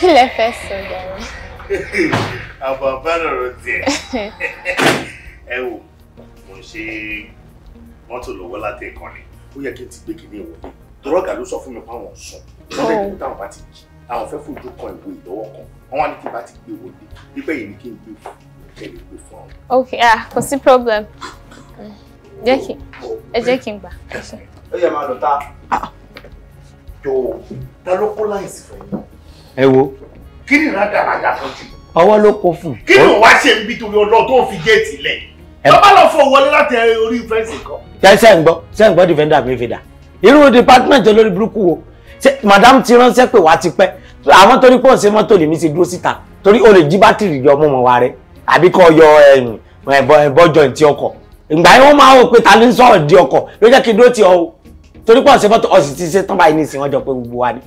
kí lẹ fẹ́ sọ jàre. àbọ̀ àbálọ̀rọ̀ tiẹ̀ ẹ wò mo ń ṣe mọ́tò lọ́wọ́ láti ìkànnì ó yẹ kí n ti gbé kí ní ìwọ̀n dọ́rọ́gà ló sọ fún mi páwọn sùn lọ́dẹ̀ tó oh. táwọn bá ti jí àwọn fẹ́ fojú kan ìwé ìlọ́wọ́ kan wọ́n wá ní kí n bá ti gbé wọlé bíbẹ́ yìí ni kí n gbé fún lè gbé fún àwọn. ok ah, kò sí problem jẹ́ oh, oh, kí n gbà. ó yẹ máa lọ ta. Ah jọ̀ọ́ ta ló kó láìsí fún yín. ẹ wo. kí ni rádaràdà kan jù. ọwọ́ ló kó fún. kí ni wàá ṣe níbi torí ọlọ́ tó ń fi géètì lẹ̀. bàbá lọ fọ wọlé láti orí fẹ́ǹsì kan. tẹ́sẹ̀ ń gbọ́ tẹ́sẹ̀ ń gbọ́ defender mi fi dà irú department olórí burúkú wo ṣe madam ti ránṣẹ́ pé wàá ti pẹ́ àwọn torí pọ̀ ṣe mọ́tò lèmi ti dúró síta torí o lè jí bátìrì yọ mọ́mọ́ wa rẹ àbí kò yọ ẹ̀bọ ẹ̀bọ joint ọkọ̀ ìgbà yẹn wọ́n máa wò pé ta ló ń sọ̀rọ̀ di ọkọ̀ ló jẹ́ kí n dúró ti ọ torí pọ̀ ṣe fọ́tò ọ̀sì ti ṣe tán báyìí nísìnyí wọ́n jọ pé gbogbo wa ni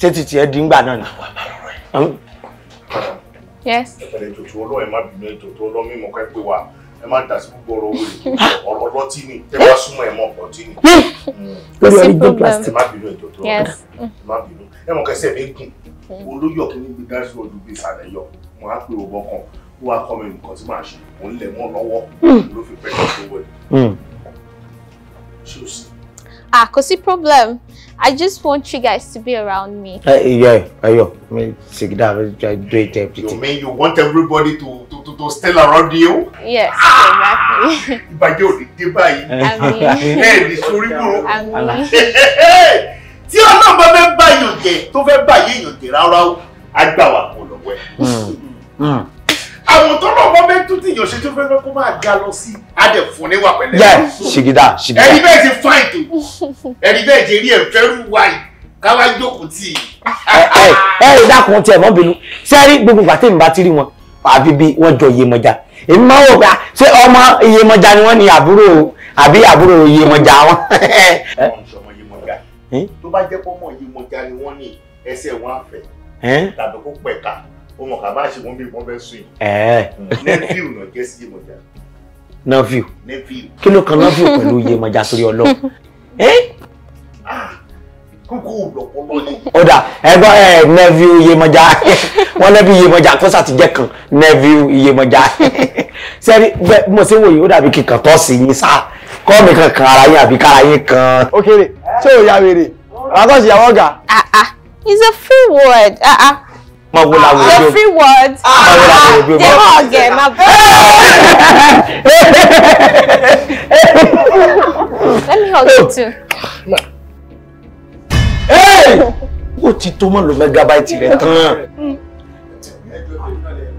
ṣé ti tiẹ̀ di ńgbà náà ni. Mm. yes. ẹ̀fẹ̀rẹ̀ ètò tí ọlọ́ọ̀ ẹ̀ má bínú ètò tó ọlọ́ mímọ́ ká pé wa ẹ má dà sí gbogbo ọ̀rọ̀ wòlé ọ̀rọ̀ ọlọ́tí ni tẹ́ bá súnmọ́ ẹ̀ mọ́ ọ̀tí ni. lórí ọ̀rọ̀ ìjọ plastic. ẹ má bínú ètò tó ọlọ́ ẹ má bínú ẹ mọ̀ kẹsẹ̀ mi gùn mm. olóyọ̀ kí ní gbígbá sí ọdún bíi sàlẹ̀ yọ wọn á Ah, cause the problem. I just want you guys to be around me. Uh, yeah, uh, me I mean, I do it everything. You mean you want everybody to to to, to stay around you? Yes, ah! exactly. Ìbàjẹ́ ò ní dé báyìí. Àmín. Ẹ ní sórí búrò. Àmín. Hey, ọlọ́run bá fẹ́ bá èèyàn jẹ tó fẹ́ buy èèyàn jẹ rárá o, á gbà wà kó lọ́wọ́ ẹ̀. Hmm. Hmm àwọn tó lọ mọ bẹ́ẹ̀ tún ti yàn ṣe tó fẹ́ẹ́ kó máa ga lọ sí adẹ̀fún níwà pẹ̀lẹ́. yẹ ṣìgìdá ṣìgìdá. ẹni bẹ́ẹ̀ ti fáìn tó ẹni bẹ́ẹ̀ ti rí ẹ̀fẹ́rú wáì káwá jókòó tì í. ẹ ẹ ẹ dákun tiẹ̀ mọ́ bínú sẹ́rí gbogbo pàtẹ́ mi bá ti rí wọn àbí bí wọ́n jọ Yemọja èmi máa wò pé ṣé ọmọ Yemọja ni wọ́n ní àbúrò àbí àbúrò Yemọja wọn. tó bá jẹ́ pọ́ mọ̀ Yemọja ni wọ́n ní ẹsẹ̀ wọn àfẹ́ tàbí kó pẹ̀ka ọmọ kàbá ṣe wọn bí wọn fẹ́ sùn yìí. nephew náà jẹ́ sí Yemọja. nephew kí ló kan nephew pẹ̀lú Yemọja torí Ọlọ́run. Ah, kókó lọ́pọ̀lọ́ ni. ọ̀dà ẹgbọ́n ẹ nephew Yemọja wọn nephew Yemọja kó sàtìjẹ́ kan nephew Yemọja sẹ́ni bẹ́ẹ̀ mo ṣe wòye ó dàbí kíkan tọ́ sí yín sáà kọ́ mi kan kan ara yín àbí kára yín kan. òkèrè ṣé ò ya wèrè àkọ́ṣe ìyàwó ọ̀gá. ah ah it's a free word ah ah pọ́n wo làwọn ojú omi. every word. pọ́n wo làwọn ojú omi. jẹ́wọ́ ọ̀gẹ̀ máa bọ́. let me hug you too. ó ti tó mọ́ lo mẹ́gábáìtì rẹ̀ tán.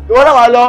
ìwọ náà wà lọ.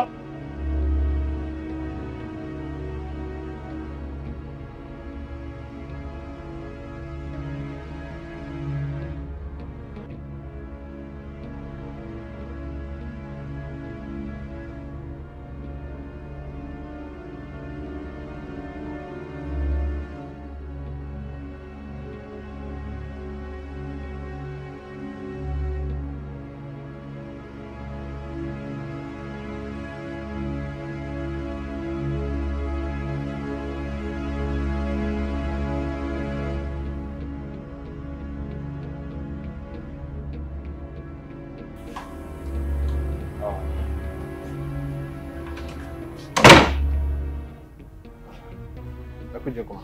ẹ kú jẹkọ.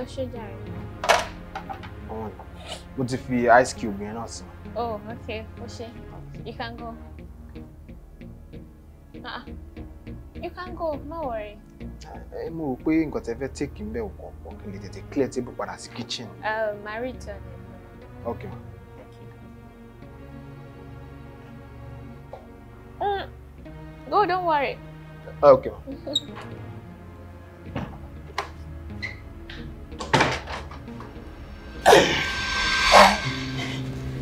ẹ ṣe jàre. ọmọ mi mo ti fi ice cube yẹn náà sí. oh okay o ṣe you can go. Ah, you can go no worry. ẹ mo rò pé nǹkan tẹ fẹ́ tèkì ń bẹ̀ wò kàn kí n lè tètè clear table padà sí kitchen. Um, màá rí ìtọ́ okay ma. Mm. Go, don't worry. Ah, okay. ma.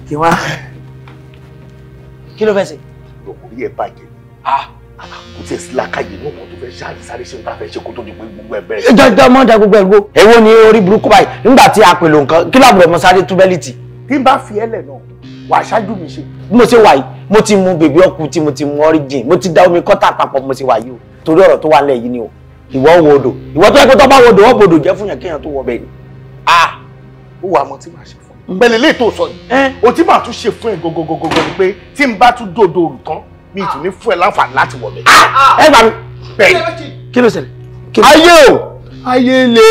kí wá kí ló fẹ́ ṣe. lọ́kọ̀ orí ẹ̀ bàjẹ́ ah. kò tiẹ̀ sí lákàyè ní ọkọ̀ tó fẹ́ ṣáà sáré ṣe ń tàfẹ́ ṣe kó tó di pé gbogbo ẹ̀ bẹ̀rẹ̀. dandan mọ́ da gbogbo ẹ̀ gbó èwo ni orí burúkú báyìí nígbà tí a pèlò nǹkan kí làbúrò ọmọ sáré túbẹ́lìtì. tí n bá fi ẹlẹ̀ náà wà ṣáájú mi ṣe. bí mo ṣe wà yìí mo ti mu bèbí ọkùnrin tí mo ti mu ọ́rígìn mo ti da omi kọ́tà papọ̀ mo ṣe wà yìí o torí ọ̀rọ̀ tó wà lẹ̀ yìí ni o ìwọ ó wà á mọ tí màá ṣe fún un pẹ̀lú ilé ètò sọ yìí o tí màá tún ṣe fún ẹ gọgọgọgọ ni pé tí n bá tún dòdò òrù mi tún ní fún ẹ láǹfààní láti wọ̀ ah, ah. ẹ gbà mí bẹ́ẹ̀ kí ló ṣẹlẹ̀. ayé o ayé lè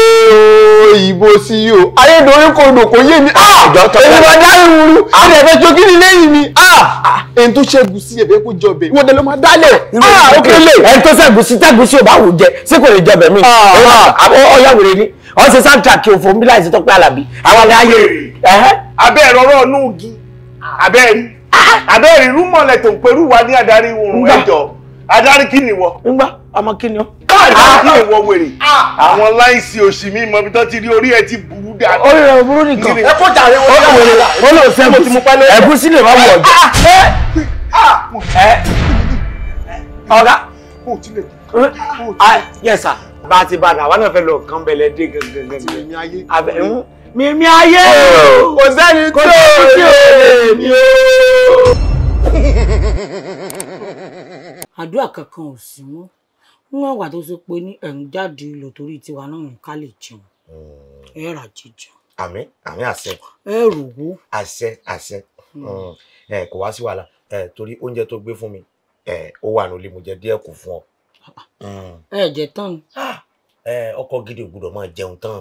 o sí o ayé dorí kò dò kò yé mi ah! èmi máa dá ìwúrú ilé ẹ̀fẹ́ tó lẹ́yìn mi èyí tó ṣẹ́gun sí ẹ̀fẹ́ kó jọbẹ̀ ìwọ́n dẹ̀ ló máa dálẹ̀ ó tó ṣẹ́gun sí tẹ́gun sí ò bá wù jẹ sí kò lè jọbẹ̀ mi ọ̀yà wèrè ni ọ̀n ṣe soundtrack òfò ń bí láìsí Tọ́pẹ́ Àlàbí àwọn ni ayé abẹ́ẹ̀rẹ̀ ọ̀rọ̀ ọ̀nù ògì abẹ́ẹ̀rí abẹ́ẹ̀rí ah. rúmọ̀lẹ̀ tó ń perú wa ní adarí oorun ẹ̀jọ̀ adarí kí ni wọ. ńgbà àmọ́ kí ni ọ. káàdì ah. kí ni wọ wèrè ah. àwọn láìsí òṣì mi mọ̀ bí tó ti rí orí ẹ ti burú dáadáa. orí rẹ burú nìkan ẹ kó jàre wọn lọ wèrè la wọn lọ sẹ ẹ̀gúsí lè má wọ ọjà. ọ̀gá. Eh. yes sir bá a ti bá dà wà náà fẹ́ lọ kán bẹ̀lẹ̀ dé gangan gangan. tìrìmì ayé. mímí ayé oh, kò sẹ́ni tó lè ní o. àdúrà kankan ò sí mọ́ wọ́n wà tó ṣe pé ní ẹ̀ ń jáde lọ torí tiwa náà ká lè jẹun hmm. ẹ̀ rà jíjẹ. àmín àmín àṣẹ. ẹ rò wó. àṣẹ àṣẹ hmm. Hmm. ẹ kò wá sí wàhálà torí oúnjẹ tó gbé fún mi ó wà nílé mo jẹ díẹ̀ kù fún ọ. Ah. ẹ jẹ tán. Ah. ọkọ gidi ò gbọ́dọ̀ máa jẹun tán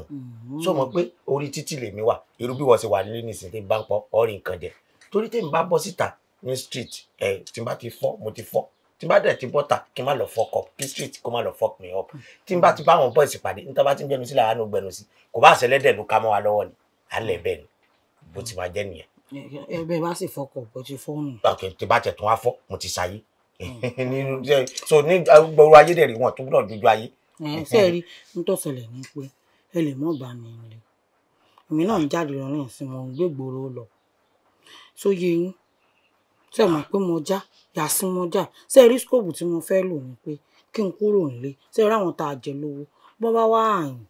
sọ mm-hmm. mọ pé orí títì lèmi wà irú bí wọ́n ṣe wà nílé nìsín tí n bá ń pọ ọrìn nǹkan jẹ torí tí n bá bọ́ síta ní street ẹ tí n bá ti fọ́ mo ti fọ́ tí n bá dẹ̀ ti bọ́ ta kí n má lọ fọ́k kí street kó má lọ fọ́k mi up tí n bá ti bá àwọn boys pàdé níta bá ti ń gbẹnu sí làánú gbẹnu sí kò bá àṣẹlẹ́dẹ̀ ló ká mọ́ wa lọ́wọ́ ni à ń lẹ̀ bẹ́ẹ̀ ni bó ti máa jẹ́ nìyẹn. ẹ bẹ́ẹ̀ bá sì fọkọ̀ pẹ̀tù fóònù. tí bá tẹ̀ tún wá fọ́ mo ti ṣayé nínú jẹ so ní gbọrọ ayédèrè wọn tó gbọ́dọ̀ dojú ayé. ṣé ẹ rí n tó ṣẹlẹ̀ ní pé ẹ lè mọ̀ bá mi rìn èmi náà ń jáde lọ rìn sí wọn gbégbòòrò lọ sóye yín ṣe mọ̀ pé mo já yàsí mo já ṣe rí skóòbù tí mo fẹ́ lò ní pé kí n kúrò nílé ṣe rí àwọn tá a jẹ lówó bọ́ bá wá àyìn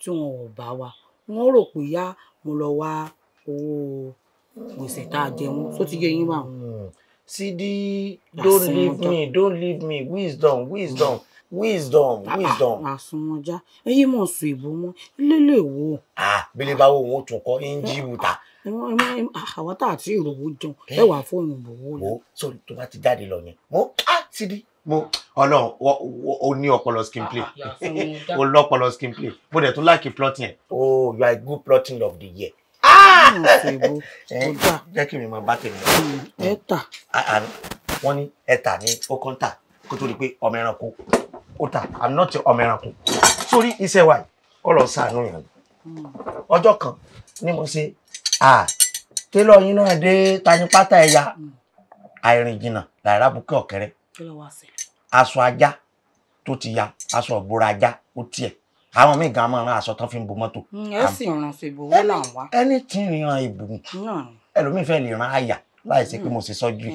tí wọn ò bá wa wọn rò pé yá mo lọ wá owó gbèsè tá a jẹ wọn tó ti yé yín báwọn sídi don't leave me don't leave me wisdom wisdom wisdom wisdom. Ah, àsùnmọ̀já ẹyí mọ̀ sùn ìbò wọn lélẹ̀ wo. bílẹ̀ bá wo wọn tún kọ́ ẹnjí buta. àwọn tá a ti ìròwó jẹun ẹ wà fóònù ìbòwò lọ. wo sórí tó bá ti jáde lọ ni mo á ti di. mo Ọlọ́run o ní ọpọlọ skin play ah, ah, o lọpọlọ skin play mo dẹ̀ tún láàkì plotting ẹ. oh you are a good plotting of the year jẹ́ kí mi máa bá tèmi. ẹ̀ta. wọ́n ní ẹ̀ta ní ó kọ́ńtà kó tó di pé ọmọ ẹranko ó ta i'm not ọmọ ẹranko sórí iṣẹ́ wa ọ̀rọ̀ sànú yẹn ọjọ́ kan ni mo ṣe télọ̀ yín náà dé tani pátá ẹ̀yà àìrìn jìnnà làrá bukẹ́ ọ̀kẹ́rẹ́ aṣọ ajá tó ti ya aṣọ ìbora ajá ó tiẹ̀ àwọn míì gan máa ń ra aṣọ tán fi ń bo mọ́tò. Mm, ẹ sì ràn sí ìbò owó là ń wá. ẹni tí ń ran ìbùn ẹlòmíì fẹ́ lè ran àyà láì ṣe pé mm. mo ṣe sọ́jú.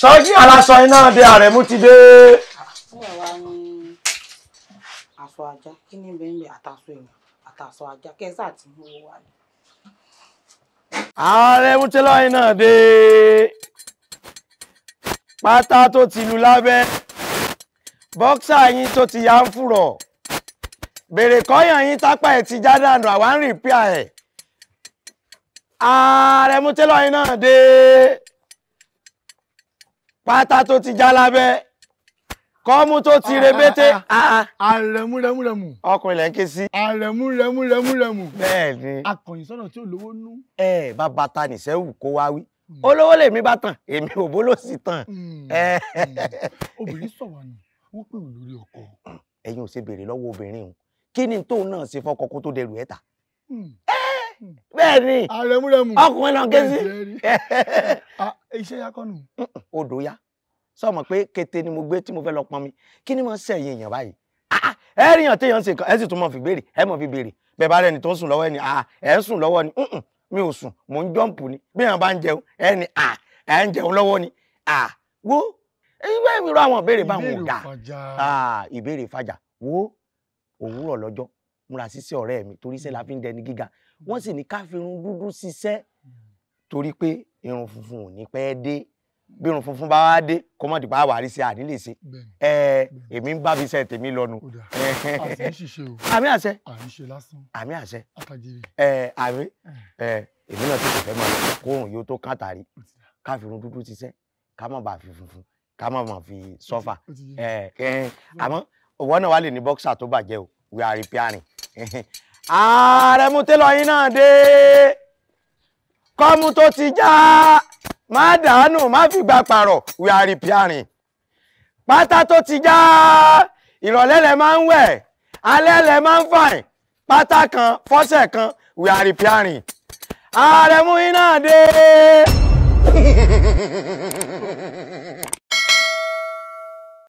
sọ́jú aláṣọ iná de àrẹ̀mú ti dé. aṣọ ajá kí ni bẹ́ẹ̀ ni àtàṣọ èèyàn àtàṣọ ajá kẹsà tí mo wà ní. àrẹ̀mú ti lọ́yìn náà dé pátá tó ti lu lábẹ́ bọ́ksà yín tó ti yá ń fùrọ̀ bèrè kọ́yàn yín tápá ẹ̀ ti já dànù àwa ń rìpíà ẹ̀ ààrẹ mú télọ̀ yín náà dé pátá tó ti já lábẹ́ kọ́mú tó ti rebété. àrẹ̀múrẹ̀múrẹ̀mù. Ah, ah. ọkùnrin lẹ́ ń ké sí. àrẹ̀múrẹ̀múrẹ̀múrẹ̀mù. bẹ́ẹ̀ni. akọ̀yìn sọ̀rọ̀ tí ò lówó nú. ẹ ẹ bá bàtà nìṣẹ́wù kó wá wí olówó lèmi bá tàn èmi ò bó ló sì tàn. Hmm, hmm. obìnrin sọ̀rọ̀ ni. wọ́n pè mí lórí ọkọ. ẹ̀yin ò ṣe béèrè lọ́wọ́ obìnrin o kí ni tóun náà ṣe fọkọ kó tó dẹrù ẹ̀ ta. Hmm. bẹ́ẹ̀ ni ọkùnrin náà ké sí. iṣẹ́ yá kọ́nù. odò ya sọ ma pé kété ni mo gbé tí mo fẹ́ lọ pọn mi kí ni mo sẹ̀yìn èèyàn báyìí ah, ah, ẹ rí yàn téèyàn ṣe nǹkan ẹ sì tún mọ̀ fi béèrè ẹ mọ̀ fi béèrè bẹ́ẹ̀ bá rẹ̀ ni tó ń sùn lọ́wọ́ ẹ ni ah, ẹ ń sùn lọ́wọ́ ni mi ò sùn mò ń jọ́ǹpù ni bí yàn bá ń jẹun ẹ ni ẹ ń jẹun lọ́wọ́ ni wo ìwé ìrọ̀ àwọn ìbéèrè báwọn ò dà ìbéèrè fàjà wo òwúrọ̀ lọ́jọ́ múra síṣẹ́ ọ̀rẹ́ mi torí iṣẹ́ la mm. fi ń dẹni gíga mm. wọ́n sì ní ká fi irun dúdú ṣiṣẹ́ mm. torí pé irun funfun ò ní pẹ́ dé bí irun funfun bá wá dé kó mọ̀ dìpá àwárí sí àdílé ṣe ẹ èmi ń bá mi ṣe tèmi lọ́nu. àmì àṣẹ àmì àṣẹ ẹ àmì ẹ èmi náà ti kò fẹ́ máa lọ kóòrùn yóò tó kàtàrí ká fi irun dúdú ṣiṣẹ́ ká má bàa fi funfun ká má bàa fi sọ́fà àmọ́ òwò náà wà lè ní bọ́ksà tó bàjẹ́ o we are repairing. ààrẹ mú télọ̀ yín náà dé kọ́mú tó ti já má dànù má fi gbà pààrọ̀ we are repairing. pátá tó ti já ìrọ̀lẹ́ lẹ máa ń wẹ̀ alẹ́ lẹ máa ń fàìn pátá kan fọ́sẹ̀ kan we are repairing. ààrẹ mú yín náà dé.